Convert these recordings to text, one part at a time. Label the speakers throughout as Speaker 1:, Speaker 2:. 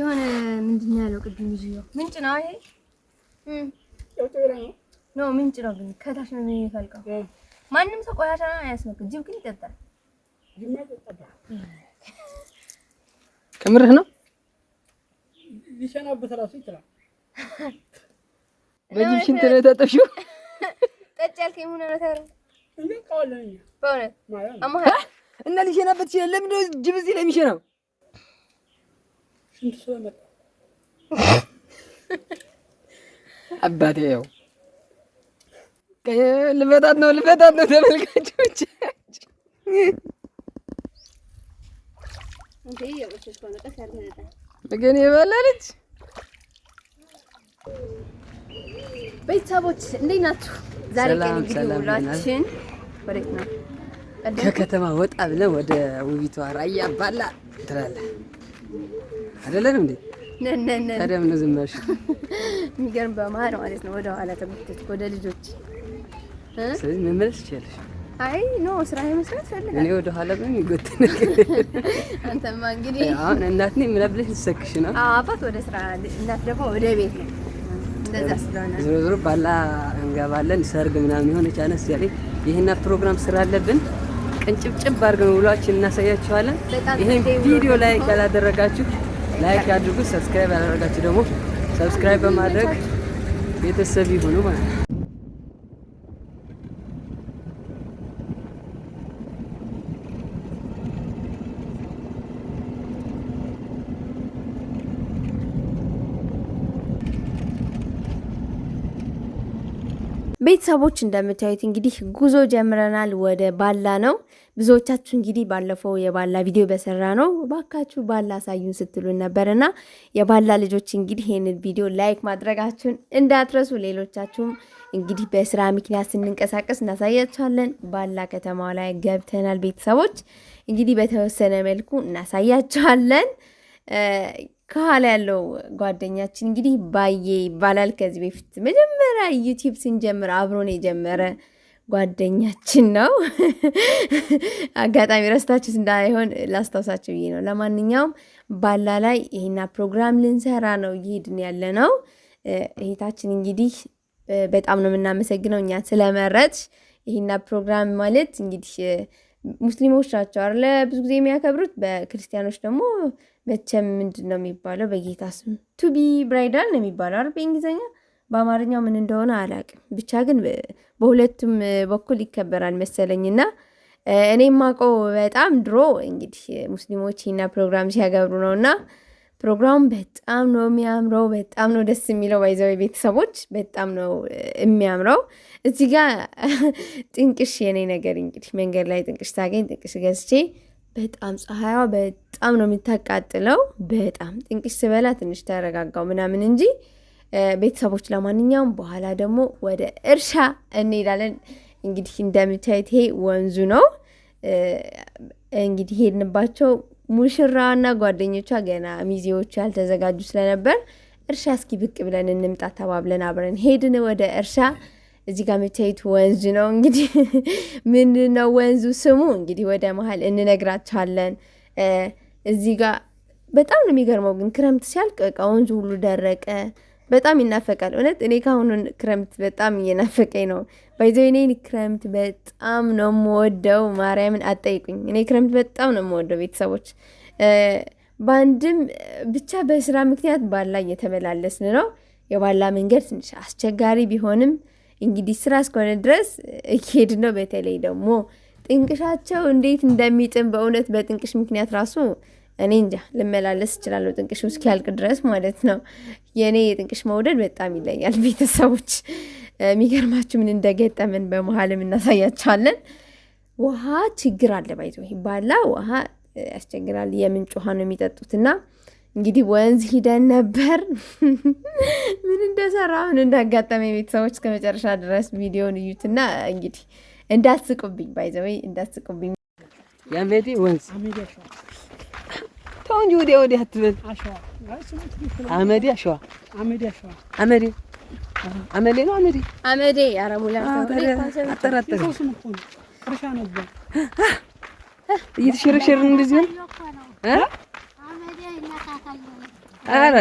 Speaker 1: የሆነ ምንድን ነው ያለው ቅድም ይዤው ምንጭ ነው ይሄ ኖ ምንጭ ነው ግን ከታች ነው የሚፈልቀው። ማንም ሰው ቆሻሻ አያስመክም። ጅብ ግን ይጠጣል።
Speaker 2: ከምርህ ነው
Speaker 3: ሊሸናበት ራሱ ይችላል።
Speaker 2: በጅብ ሽንት ነው የታጠብሽው?
Speaker 1: ጠጭ ያልከኝ ሆነ ነው ታዲያ እንዴ? ቃል ነው በእውነት
Speaker 2: አማሃ እና ሊሸናበት ይችላል። ለምንድን ነው ጅብ እዚህ ላይ ስንት ሰው ያመጣ አባቴ ያው ልፈታት ነው ልፈታት ነው። ተመልካቾች ግን የበላለች
Speaker 1: ቤተሰቦች እንዴት ናችሁ? ዛሬ ቀን እንግዲህ ወዴት ነው?
Speaker 2: ከከተማ ወጣ ብለን ወደ ውቢቷ ራያ ባላ ትላለህ አይደለም እንዴ? ነነነ ታዲያ ምን ዝም ብለሽ?
Speaker 1: የሚገርም በመሀል ማለት ነው ወደ ኋላ ተመትቼ ወደ ልጆች።
Speaker 2: ስለዚህ መመለስ ትችያለሽ።
Speaker 1: አይ ኖ ስራ መስራት
Speaker 2: ፈልጋለሁ እኔ ወደ ኋላ ምን ይጎት ነገር
Speaker 1: አንተማ እንግዲህ
Speaker 2: አሁን እናት ነኝ ምናምን ልትሰክሽ ነው።
Speaker 1: አዎ አባት ወደ ስራ እናት ደግሞ ወደ ቤት ነው። እንደዛ ስለሆነ
Speaker 2: ዞሮ ዞሮ ባላ እንገባለን። ሰርግ ምናምን የሆነች ቻነስ ያለ ይሄና ፕሮግራም ስራ አለብን። ቅንጭብጭብ አድርገን ውሏችን እናሳያችኋለን። ይሄን ቪዲዮ ላይ ካላደረጋችሁ ላይክ ያድርጉ። ሰብስክራይብ ያላደረጋችሁ ደግሞ ሰብስክራይብ በማድረግ ቤተሰብ ይሁኑ ማለት ነው።
Speaker 1: ቤተሰቦች እንደምታዩት እንግዲህ ጉዞ ጀምረናል ወደ ባላ ነው። ብዙዎቻችሁ እንግዲህ ባለፈው የባላ ቪዲዮ በሰራ ነው ባካችሁ ባላ አሳዩን ስትሉን እና የባላ ልጆች እንግዲህ ይህንን ቪዲዮ ላይክ ማድረጋችሁን እንዳትረሱ። ሌሎቻችሁም እንግዲህ በስራ ምክንያት ስንንቀሳቀስ እናሳያችኋለን። ባላ ከተማው ላይ ገብተናል። ቤተሰቦች እንግዲህ በተወሰነ መልኩ እናሳያችኋለን። ከኋላ ያለው ጓደኛችን እንግዲህ ባዬ ይባላል። ከዚህ በፊት መጀመሪያ ዩቲዩብ ስንጀምር አብሮን የጀመረ ጓደኛችን ነው። አጋጣሚ ረስታችሁ እንዳይሆን ላስታውሳቸው ብዬ ነው። ለማንኛውም ባላ ላይ ይሄና ፕሮግራም ልንሰራ ነው እየሄድን ያለ ነው። እህታችን እንግዲህ በጣም ነው የምናመሰግነው እኛ ስለመረጥሽ። ይሄና ፕሮግራም ማለት እንግዲህ ሙስሊሞች ናቸው አለ ብዙ ጊዜ የሚያከብሩት በክርስቲያኖች ደግሞ መቼም ምንድን ነው የሚባለው? በጌታ ስም ቱቢ ብራይዳል ነው የሚባለው አይደል? በእንግሊዝኛ በአማርኛው ምን እንደሆነ አላቅም። ብቻ ግን በሁለቱም በኩል ይከበራል መሰለኝና እኔ ማቆ በጣም ድሮ እንግዲህ ሙስሊሞች ና ፕሮግራም ሲያገብሩ ነው እና ፕሮግራሙ በጣም ነው የሚያምረው። በጣም ነው ደስ የሚለው። ባይዘው ቤተሰቦች በጣም ነው የሚያምረው። እዚህ ጥንቅሽ የኔ ነገር እንግዲህ መንገድ ላይ ጥንቅሽ ታገኝ ጥንቅሽ ገዝቼ በጣም ፀሐይዋ በጣም ነው የምታቃጥለው። በጣም ጥንቅሽ ስበላ ትንሽ ተረጋጋው ምናምን እንጂ ቤተሰቦች፣ ለማንኛውም በኋላ ደግሞ ወደ እርሻ እንሄዳለን። እንግዲህ እንደምታዩት ይሄ ወንዙ ነው። እንግዲህ ሄድንባቸው ሙሽራዋና ጓደኞቿ ገና ሚዜዎቹ ያልተዘጋጁ ስለነበር እርሻ እስኪ ብቅ ብለን እንምጣ ተባብለን አብረን ሄድን ወደ እርሻ። እዚህ ጋር የምታዩት ወንዝ ነው። እንግዲህ ምን ነው ወንዙ ስሙ እንግዲህ ወደ መሀል እንነግራቸዋለን። እዚህ ጋር በጣም ነው የሚገርመው ግን ክረምት ሲያልቅ በቃ ወንዙ ሁሉ ደረቀ። በጣም ይናፈቃል። እውነት እኔ ከአሁኑ ክረምት በጣም እየናፈቀኝ ነው። ባይዘ እኔ ክረምት በጣም ነው የምወደው። ማርያምን አጠይቁኝ። እኔ ክረምት በጣም ነው የምወደው ቤተሰቦች። በአንድም ብቻ በስራ ምክንያት ባላ እየተመላለስን ነው። የባላ መንገድ ትንሽ አስቸጋሪ ቢሆንም እንግዲህ ስራ እስከሆነ ድረስ እየሄድ ነው። በተለይ ደግሞ ጥንቅሻቸው እንዴት እንደሚጥም በእውነት በጥንቅሽ ምክንያት ራሱ እኔ እንጃ ልመላለስ እችላለሁ፣ ጥንቅሽ እስኪያልቅ ድረስ ማለት ነው። የእኔ የጥንቅሽ መውደድ በጣም ይለያል። ቤተሰቦች የሚገርማችሁ ምን እንደገጠምን በመሀልም እናሳያቸዋለን። ውሃ ችግር አለ ባይዘ ባላ ውሃ ያስቸግራል። የምንጭ ውሃ ነው የሚጠጡትና እንግዲህ ወንዝ ሂደን ነበር። ምን እንደሰራ ምን እንዳጋጠመ ቤተሰቦች ከመጨረሻ ድረስ ቪዲዮን እዩትና እንግዲህ እንዳስቁብኝ ባይዘወይ እንዳስቁብኝ።
Speaker 2: ያንቤቴ ወንዝ ተው እንጂ ወዲ ወዲያ አትበል። አመዲ አሸዋ አመዲ አመዴ ነው አመዴ
Speaker 1: አመዴ ያረሙላ
Speaker 3: አጠራጠረ
Speaker 2: እየተሸረሸርን እንደዚህ ነው ኧረ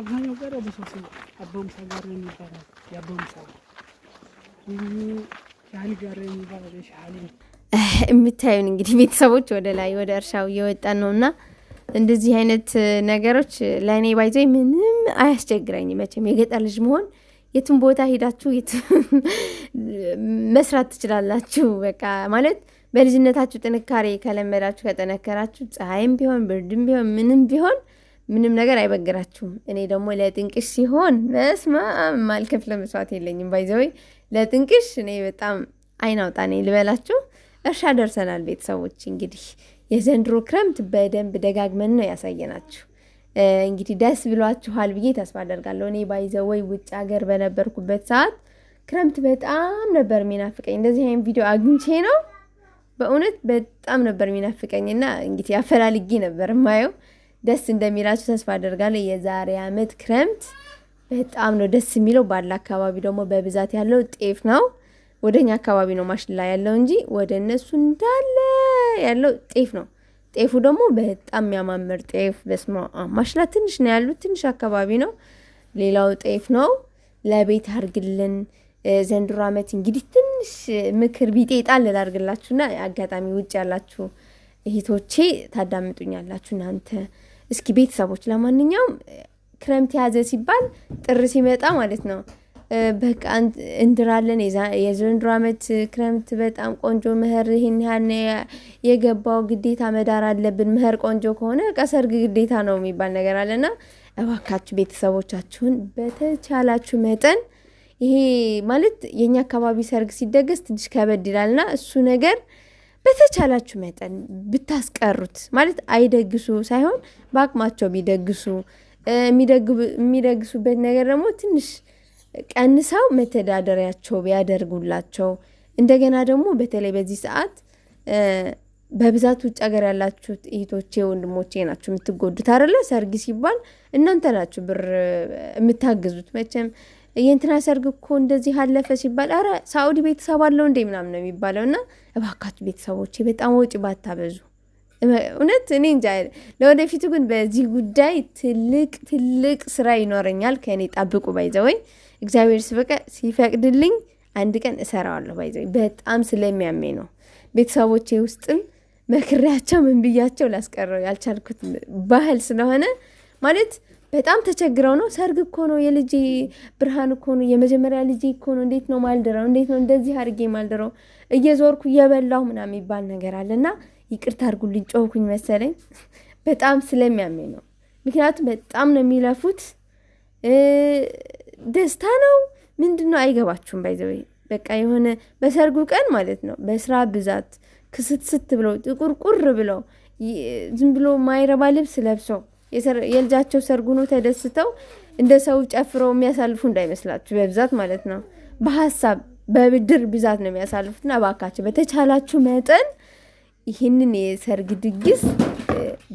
Speaker 1: አብዛኛው ቀረ በሶስት አባምሳ ጋር የሚባለው የአባምሳ ሻሊ ጋር የሚባለው የሻሊ የምታዩን እንግዲህ ቤተሰቦች ወደ ላይ ወደ እርሻው እየወጣን ነውና እንደዚህ አይነት ነገሮች ለእኔ ባይዞ ምንም አያስቸግረኝ። መቼም የገጠር ልጅ መሆን የትም ቦታ ሄዳችሁ መስራት ትችላላችሁ። በቃ ማለት በልጅነታችሁ ጥንካሬ ከለመዳችሁ ከጠነከራችሁ፣ ፀሐይም ቢሆን ብርድም ቢሆን ምንም ቢሆን ምንም ነገር አይበግራችሁም። እኔ ደግሞ ለጥንቅሽ ሲሆን መስማ ማልከፍለ መስዋዕት የለኝም። ባይዘወይ ለጥንቅሽ እኔ በጣም አይናውጣ ነኝ ልበላችሁ። እርሻ ደርሰናል ቤተሰቦች እንግዲህ የዘንድሮ ክረምት በደንብ ደጋግመን ነው ያሳየናችሁ። እንግዲህ ደስ ብሏችኋል ብዬ ተስፋ አደርጋለሁ። እኔ ባይዘወይ ውጭ ሀገር በነበርኩበት ሰዓት ክረምት በጣም ነበር የሚናፍቀኝ። እንደዚህ አይነት ቪዲዮ አግኝቼ ነው በእውነት በጣም ነበር የሚናፍቀኝና እንግዲህ አፈላልጌ ነበር ማየው። ደስ እንደሚላችሁ ተስፋ አደርጋለሁ። የዛሬ ዓመት ክረምት በጣም ነው ደስ የሚለው። ባለ አካባቢ ደግሞ በብዛት ያለው ጤፍ ነው። ወደ እኛ አካባቢ ነው ማሽላ ያለው እንጂ ወደ እነሱ እንዳለ ያለው ጤፍ ነው። ጤፉ ደግሞ በጣም የሚያማምር ጤፍ በስማ ማሽላ ትንሽ ነው ያሉት፣ ትንሽ አካባቢ ነው። ሌላው ጤፍ ነው። ለቤት አርግልን ዘንድሮ ዓመት እንግዲህ ትንሽ ምክር ቢጤ ጣል ላርግላችሁና አጋጣሚ ውጭ ያላችሁ እህቶቼ ታዳምጡኛላችሁ እናንተ እስኪ ቤተሰቦች። ለማንኛውም ክረምት የያዘ ሲባል ጥር ሲመጣ ማለት ነው በቃ እንድራለን። የዘንድሮ ዓመት ክረምት በጣም ቆንጆ መኸር ይህን ያህል የገባው ግዴታ መዳር አለብን። መኸር ቆንጆ ከሆነ ቀሰርግ ግዴታ ነው የሚባል ነገር አለና እባካችሁ ቤተሰቦቻችሁን በተቻላችሁ መጠን ይሄ ማለት የእኛ አካባቢ ሰርግ ሲደገስ ትንሽ ከበድ ይላልና እሱ ነገር በተቻላችሁ መጠን ብታስቀሩት ማለት አይደግሱ ሳይሆን በአቅማቸው ቢደግሱ የሚደግሱበት ነገር ደግሞ ትንሽ ቀንሰው መተዳደሪያቸው ቢያደርጉላቸው። እንደገና ደግሞ በተለይ በዚህ ሰዓት በብዛት ውጭ ሀገር ያላችሁት እህቶቼ ወንድሞቼ ናችሁ የምትጎዱት አይደለ? ሰርግ ሲባል እናንተ ናችሁ ብር የምታግዙት። መቼም የእንትና ሰርግ እኮ እንደዚህ አለፈ ሲባል አረ ሳኡዲ ቤተሰብ አለው እንዴ ምናምን ነው የሚባለው። እና እባካችሁ ቤተሰቦቼ በጣም ወጪ ባታበዙ። እውነት እኔ እንጃ። ለወደፊቱ ግን በዚህ ጉዳይ ትልቅ ትልቅ ስራ ይኖረኛል። ከእኔ ጣብቁ ባይዘወይ እግዚአብሔር ስበቀ ሲፈቅድልኝ አንድ ቀን እሰራዋለሁ። ባይዘ በጣም ስለሚያመኝ ነው። ቤተሰቦቼ ውስጥም መክሬያቸው ምን ብያቸው ላስቀረው ያልቻልኩት ባህል ስለሆነ ማለት በጣም ተቸግረው ነው። ሰርግ እኮ ነው፣ የልጅ ብርሃን እኮ ነው፣ የመጀመሪያ ልጅ እኮ ነው። እንዴት ነው ማልደረው? እንዴት ነው እንደዚህ አድርጌ ማልደረው? እየዞርኩ እየበላሁ ምና የሚባል ነገር አለ አለና ይቅርታ አድርጉልኝ፣ ጮህኩኝ መሰለኝ። በጣም ስለሚያመኝ ነው። ምክንያቱም በጣም ነው የሚለፉት። ደስታ ነው ምንድን ነው አይገባችሁም። ባይዘው በቃ የሆነ በሰርጉ ቀን ማለት ነው በስራ ብዛት ክስትስት ብለው ጥቁርቁር ብለው ዝም ብሎ ማይረባ ልብስ ለብሰው የልጃቸው ሰርጉ ነው ተደስተው እንደ ሰው ጨፍረው የሚያሳልፉ እንዳይመስላችሁ በብዛት ማለት ነው። በሀሳብ በብድር ብዛት ነው የሚያሳልፉትና እባካችሁ በተቻላችሁ መጠን ይህንን የሰርግ ድግስ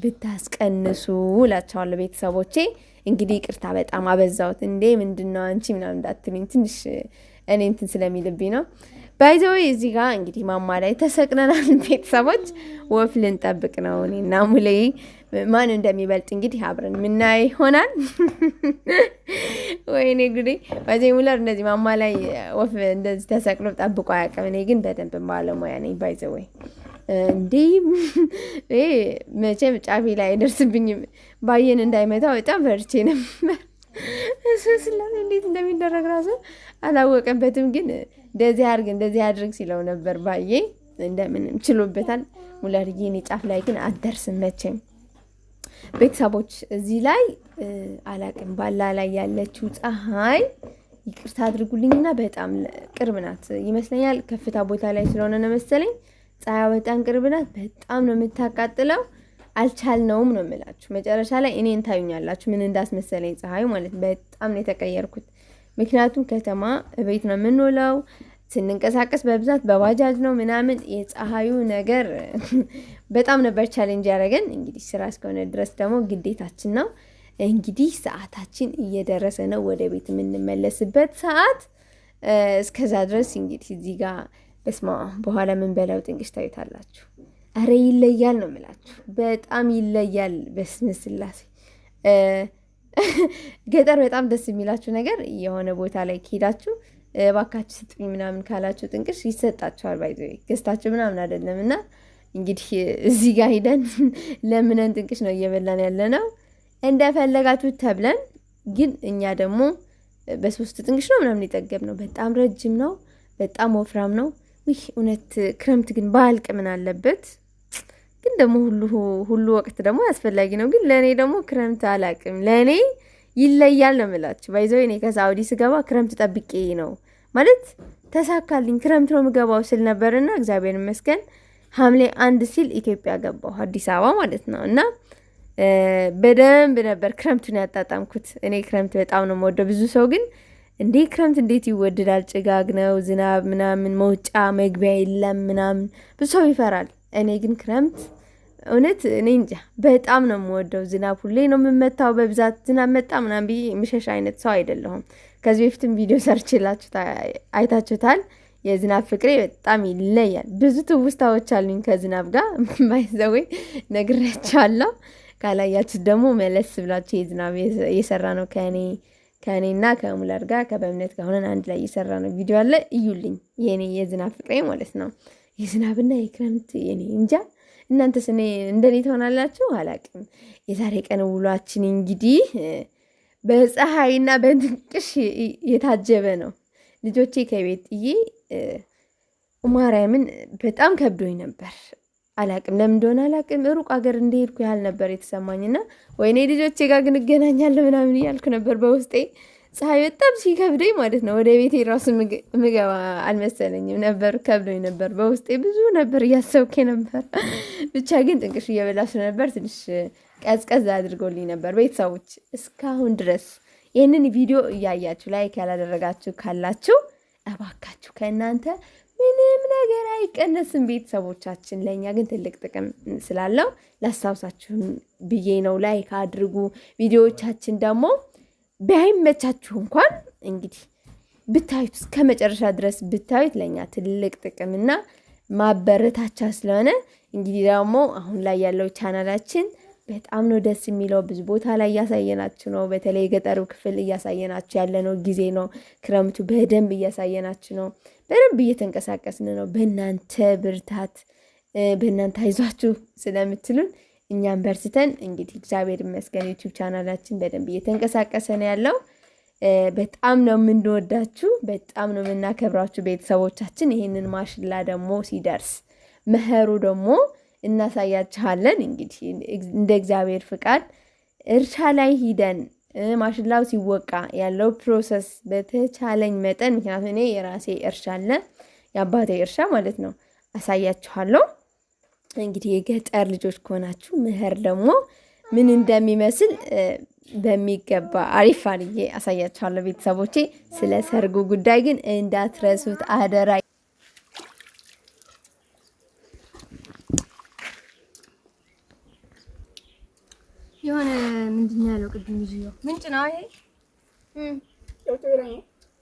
Speaker 1: ብታስቀንሱ እላቸዋለሁ ቤተሰቦቼ። እንግዲህ ይቅርታ በጣም አበዛውት እንዴ ምንድን ነው አንቺ ምናምን እንዳትሉኝ ትንሽ እኔ እንትን ስለሚልብኝ ነው። ባይዘወይ እዚህ ጋር እንግዲህ ማማ ላይ ተሰቅነናል ቤተሰቦች ወፍ ልንጠብቅ ነው። እና ሙሌ ማን እንደሚበልጥ እንግዲህ አብረን የምናየ ይሆናል። ወይኔ ጉዴ! ባዜ ሙለር እንደዚህ ማማ ላይ ወፍ እንደዚህ ተሰቅሎ ጠብቆ አያውቅም። እኔ ግን በደንብ ባለሙያ ነኝ ባይዘወይ እንዴ መቼም ጫፊ ላይ አይደርስብኝም። ባየን እንዳይመታው በጣም ፈርቼ ነበር። እሱ ስለም እንዴት እንደሚደረግ ራሱ አላወቀበትም። ግን እንደዚህ አድርግ እንደዚህ አድርግ ሲለው ነበር። ባዬ። እንደምንም ችሎበታል። ሙለርዬ ጫፍ ላይ ግን አትደርስም መቼም። ቤተሰቦች እዚህ ላይ አላቅም ባላ ላይ ያለችው ፀሐይ ይቅርታ አድርጉልኝና በጣም ቅርብ ናት ይመስለኛል። ከፍታ ቦታ ላይ ስለሆነ ነው መሰለኝ ፀሐይ በጣም ቅርብ ናት። በጣም ነው የምታቃጥለው። አልቻልነውም ነው የምላችሁ። መጨረሻ ላይ እኔን ታዩኛላችሁ ምን እንዳስመሰለኝ ፀሐዩ ማለት በጣም ነው የተቀየርኩት። ምክንያቱም ከተማ ቤት ነው የምንውለው፣ ስንንቀሳቀስ በብዛት በባጃጅ ነው ምናምን። የፀሐዩ ነገር በጣም ነበር ቻሌንጅ ያደረገን። እንግዲህ ስራ እስከሆነ ድረስ ደግሞ ግዴታችን ነው። እንግዲህ ሰዓታችን እየደረሰ ነው፣ ወደ ቤት የምንመለስበት ሰዓት። እስከዛ ድረስ እንግዲህ እዚህ ጋር እስማ በኋላ ምን በላው ጥንቅሽ ታዩታላችሁ። አረ ይለያል ነው ምላችሁ፣ በጣም ይለያል። በስመ ስላሴ ገጠር በጣም ደስ የሚላችሁ ነገር የሆነ ቦታ ላይ ከሄዳችሁ እባካችሁ ስጡኝ ምናምን ካላችሁ ጥንቅሽ ይሰጣችኋል። ባይዘ ገዝታችሁ ምናምን አይደለም እና እንግዲህ እዚህ ጋር ሂደን ለምነን ጥንቅሽ ነው እየበላን ያለ ነው እንደፈለጋችሁ ተብለን፣ ግን እኛ ደግሞ በሶስት ጥንቅሽ ነው ምናምን የጠገብ ነው። በጣም ረጅም ነው፣ በጣም ወፍራም ነው። ይህ እውነት ክረምት ግን ባያልቅ ምን አለበት? ግን ደግሞ ሁሉ ሁሉ ወቅት ደግሞ አስፈላጊ ነው። ግን ለእኔ ደግሞ ክረምት አላቅም፣ ለእኔ ይለያል ነው የምላችሁ። ባይዘው እኔ ከሳውዲ ስገባ ክረምት ጠብቄ ነው ማለት ተሳካልኝ፣ ክረምት ነው የምገባው ስል ነበርና እግዚአብሔር ይመስገን ሐምሌ አንድ ሲል ኢትዮጵያ ገባሁ አዲስ አበባ ማለት ነው። እና በደንብ ነበር ክረምቱን ያጣጣምኩት። እኔ ክረምት በጣም ነው የምወደው። ብዙ ሰው ግን እንዴ ክረምት እንዴት ይወደዳል? ጭጋግ ነው፣ ዝናብ ምናምን፣ መውጫ መግቢያ የለም ምናምን፣ ብዙ ሰው ይፈራል። እኔ ግን ክረምት እውነት እኔ እንጃ በጣም ነው የምወደው። ዝናብ ሁሌ ነው የምመታው። በብዛት ዝናብ መጣ ምናምን ብዬ ምሸሽ አይነት ሰው አይደለሁም። ከዚህ በፊትም ቪዲዮ ሰርችላችሁ አይታችሁታል። የዝናብ ፍቅሬ በጣም ይለያል። ብዙ ትውስታዎች አሉኝ ከዝናብ ጋር ባይዘዌ ነግሬያቸዋለሁ። ካላያችሁ ደግሞ መለስ ብላችሁ የዝናብ የሰራ ነው ከእኔ ከእኔና ከሙለር ጋር ከበእምነት ጋር ሆነን አንድ ላይ እየሰራ ነው ቪዲዮ አለ እዩልኝ። የኔ የዝናብ ፍቅሬ ማለት ነው። የዝናብና የክረምት የኔ እንጃ። እናንተስ እንደኔ ትሆናላችሁ አላቅም። የዛሬ ቀን ውሏችን እንግዲህ በፀሐይና በድንቅሽ የታጀበ ነው። ልጆቼ ከቤት ጥዬ ማርያምን በጣም ከብዶኝ ነበር። አላቅም ለምን እንደሆነ አላቅም። ሩቅ ሀገር እንደሄድኩ ያህል ነበር የተሰማኝና ወይኔ ልጆቼ ጋር ግን እገናኛለሁ ምናምን እያልኩ ነበር በውስጤ። ፀሐይ በጣም ሲከብደኝ ማለት ነው ወደ ቤቴ ራሱ ምገባ አልመሰለኝም ነበር፣ ከብዶኝ ነበር በውስጤ ብዙ ነበር እያሰብኬ ነበር። ብቻ ግን ጥንቅሽ እየበላ ስለነበር ትንሽ ቀዝቀዝ አድርጎልኝ ነበር። ቤተሰቦች እስካሁን ድረስ ይህንን ቪዲዮ እያያችሁ ላይክ ያላደረጋችሁ ካላችሁ እባካችሁ ከእናንተ ምንም ነገር አይቀነስም። ቤተሰቦቻችን ለእኛ ግን ትልቅ ጥቅም ስላለው ላስታውሳችሁም ብዬ ነው። ላይክ አድርጉ። ቪዲዮዎቻችን ደግሞ ባይመቻችሁ እንኳን እንግዲህ ብታዩት እስከ መጨረሻ ድረስ ብታዩት ለእኛ ትልቅ ጥቅምና ማበረታቻ ስለሆነ እንግዲህ ደግሞ አሁን ላይ ያለው ቻናላችን በጣም ነው ደስ የሚለው። ብዙ ቦታ ላይ እያሳየናችሁ ነው። በተለይ የገጠሩ ክፍል እያሳየናችሁ ያለነው ጊዜ ነው። ክረምቱ በደንብ እያሳየናችሁ ነው። በደንብ እየተንቀሳቀስን ነው። በእናንተ ብርታት፣ በእናንተ አይዟችሁ ስለምትሉን እኛም በርስተን እንግዲህ እግዚአብሔር ይመስገን ዩቲዩብ ቻናላችን በደንብ እየተንቀሳቀሰ ነው ያለው። በጣም ነው የምንወዳችሁ፣ በጣም ነው የምናከብራችሁ ቤተሰቦቻችን። ይህንን ማሽላ ደግሞ ሲደርስ መኸሩ ደግሞ እናሳያችኋለን። እንግዲህ እንደ እግዚአብሔር ፍቃድ እርሻ ላይ ሂደን ማሽላው ሲወቃ ያለው ፕሮሰስ በተቻለኝ መጠን ምክንያቱም እኔ የራሴ እርሻ አለ የአባቴ እርሻ ማለት ነው አሳያችኋለሁ። እንግዲህ የገጠር ልጆች ከሆናችሁ ምህር ደግሞ ምን እንደሚመስል በሚገባ አሪፍ አርዬ አሳያችኋለሁ ቤተሰቦቼ። ስለ ሰርጉ ጉዳይ ግን እንዳትረሱት አደራ። የሆነ ምንድን ነው ያለው? ቅድም ይዤው ምንጭ ነው ይሄ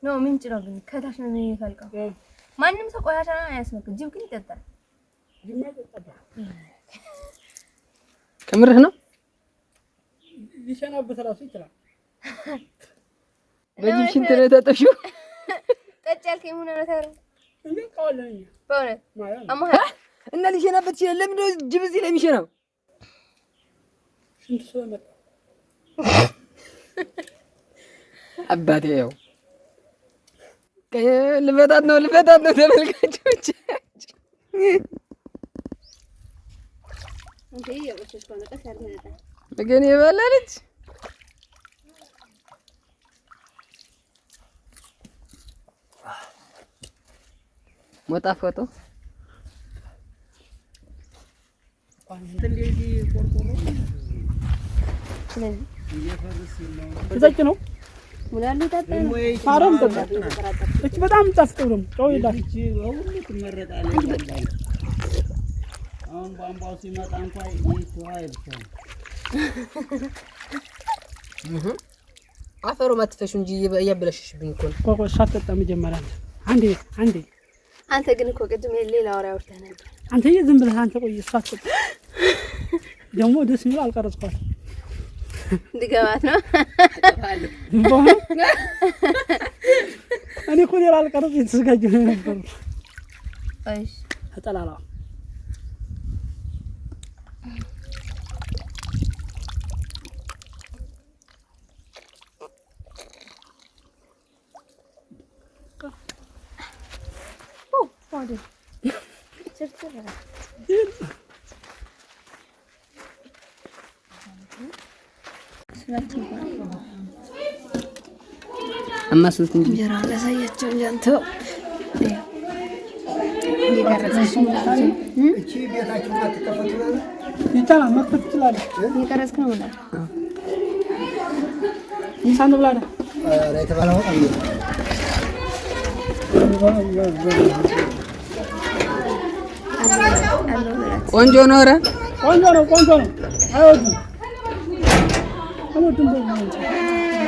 Speaker 1: ኖ ምንጭ ነው፣ ግን ከታች ነው የሚፈልቀው። ማንም ሰው ቆሻሻ አያስመክም። ጅብ ግን ይጠጣል።
Speaker 2: ከምርህ ነው
Speaker 3: ሊሸናበት እራሱ ይችላል።
Speaker 2: በጅብ ሽንት ነው የታጠብሽው?
Speaker 1: ጠጭ ያልከኝ ምን ነው ታረ
Speaker 2: እና ሊሸናበት ይችላል። ለምንድን ነው ጅብ እዚህ ላይ የሚሸናው? ሽንት ስለመጣ አባቴ ያው ነው ነው ተመልካቾች ግን ሞጣ ፎቶ
Speaker 3: እንደዚህ ቆርቆሮ
Speaker 1: ስለዚህ
Speaker 2: እዛች ነው እች በጣም ጠፍጥ ጨው አፈሩ ማትፈሹ እንጂ እያበለሸሽብኝ እኮ ነው።
Speaker 3: ቆይ ሳትጠጣ መጀመሪያ አንዴ አንዴ።
Speaker 1: አንተ ግን እኮ ቅድም ሌላ ወሬ አውርተህ ነበር።
Speaker 3: አንተዬ ዝም ብለህ አንተ ቆይ ሳትጠጣ ደግሞ ደስ የሚለው አልቀረጽኳትም ድገባት ነው። እኔ እኮ ሌላ አልቀረጽ የተዘጋጀ ነው የነበሩ ተጠላላ
Speaker 2: አማስሉት እንጂ
Speaker 1: እንጀራ አላሳያቸው እንጂ
Speaker 2: ቆንጆ ነው። ኧረ
Speaker 3: ቆንጆ ነው። ቆንጆ ነው። አይወዱም 根本没用。